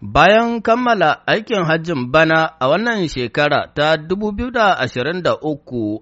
Bayan kammala aikin hajjin bana a wannan shekara ta 2023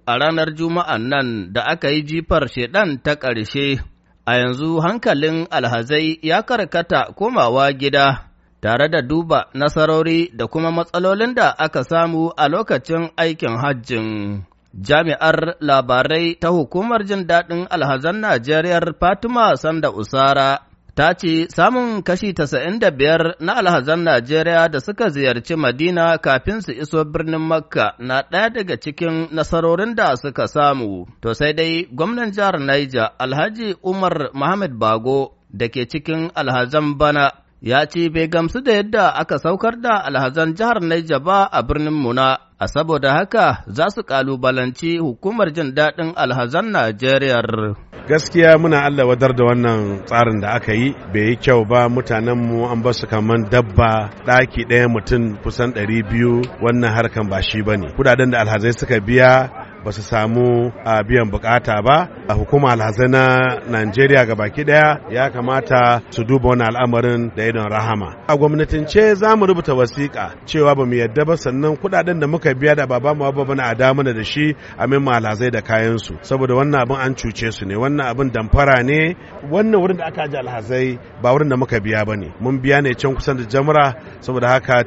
a ranar Juma'a nan da aka yi jifar shedan ta ƙarshe, a yanzu hankalin alhazai ya karkata komawa gida tare da duba nasarori da kuma matsalolin da aka samu a lokacin aikin hajjin. Jami'ar labarai ta hukumar jin daɗin alhazan Najeriya Fatima Sanda Usara ta ce samun kashi tasa'in da biyar na alhazan Najeriya da suka ziyarci Madina kafin su iso birnin Makka na ɗaya daga cikin nasarorin da suka samu. To sai dai gwamnan jihar Niger Alhaji Umar Muhammad Bago da ke cikin alhazan bana ya ce bai gamsu da yadda aka saukar da alhazan jihar Naija ba a birnin Muna, a saboda haka za su kalubalanci hukumar jin daɗin alhazan Najeriya. Gaskiya muna Allah wadar da wannan tsarin da aka yi bai yi kyau ba mutanenmu an basu kaman dabba ɗaki ɗaya mutum kusan ɗari biyu wannan harkan ba shi ba ne. Kudaden da alhazai suka biya ba su samu a ah, biyan bukata ba a hukuma alhazai na Najeriya ga baki daya ya kamata su duba wani al'amarin da idon rahama. A gwamnatince za mu rubuta wasiƙa cewa ba mu yadda ba sannan kuɗaɗen da muka biya da baba mu ba bana a mana da shi a min alhazai da kayan su saboda wannan abin an cuce su ne wannan abin damfara ne wannan wurin da aka ji alhazai ba wurin da muka biya ba ne mun biya ne can kusan da jamura saboda haka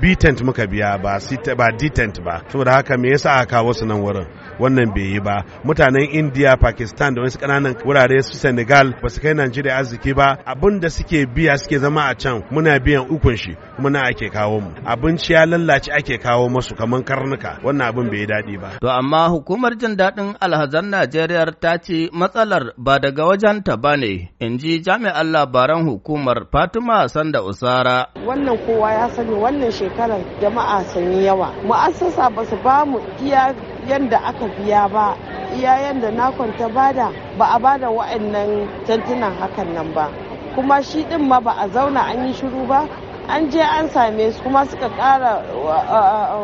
b tent muka biya ba ba d tent ba saboda haka me yasa aka kawo su nan wurin wannan bai yi ba mutanen Indiya Pakistan pakistan da wasu kananan wurare su senegal ba su kai najeriya arziki ba abin da suke biya suke zama a can muna biyan ukun shi kuma na ake kawo mu abinci ya lallace ake kawo masu kamar karnuka wannan abin bai daɗi ba to amma hukumar jin daɗin alhazan najeriya ta ce matsalar ba daga wajenta ba ne in ji jami'an labaran hukumar fatima sanda usara wannan kowa ya sani wannan shekarar jama'a sun yawa mu'assasa ba su ba mu iya yadda aka biya ba iyayen da nakon ta bada ba a bada wa'annan tantunan hakan nan ba kuma shi din ma ba a zauna an yi shiru ba an je an same su kuma suka kara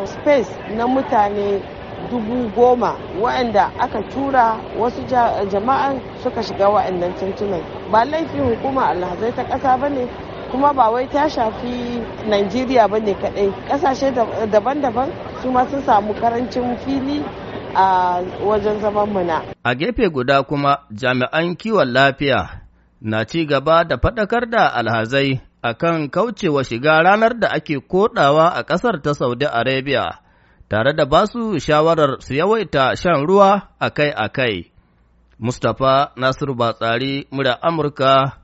space na mutane dubu goma waɗanda aka tura wasu jama'a suka shiga waɗannan tantunan ba laifin hukuma alhazai ta kasa ba ne kuma ba wai ta shafi Najeriya ba ne kadai ƙasashe daban-daban su ma sun samu karancin fili a wajen zaman muna. A gefe guda kuma jami'an kiwon lafiya na ci gaba da faɗakar da alhazai a kan kaucewa shiga ranar da ake koɗawa a ƙasar ta Saudi Arabia. tare da basu shawarar su yawaita shan ruwa akai-akai. Mustapha Nasiru Batsari, mura Amurka,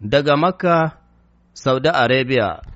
daga Makka, Saudi Arabia.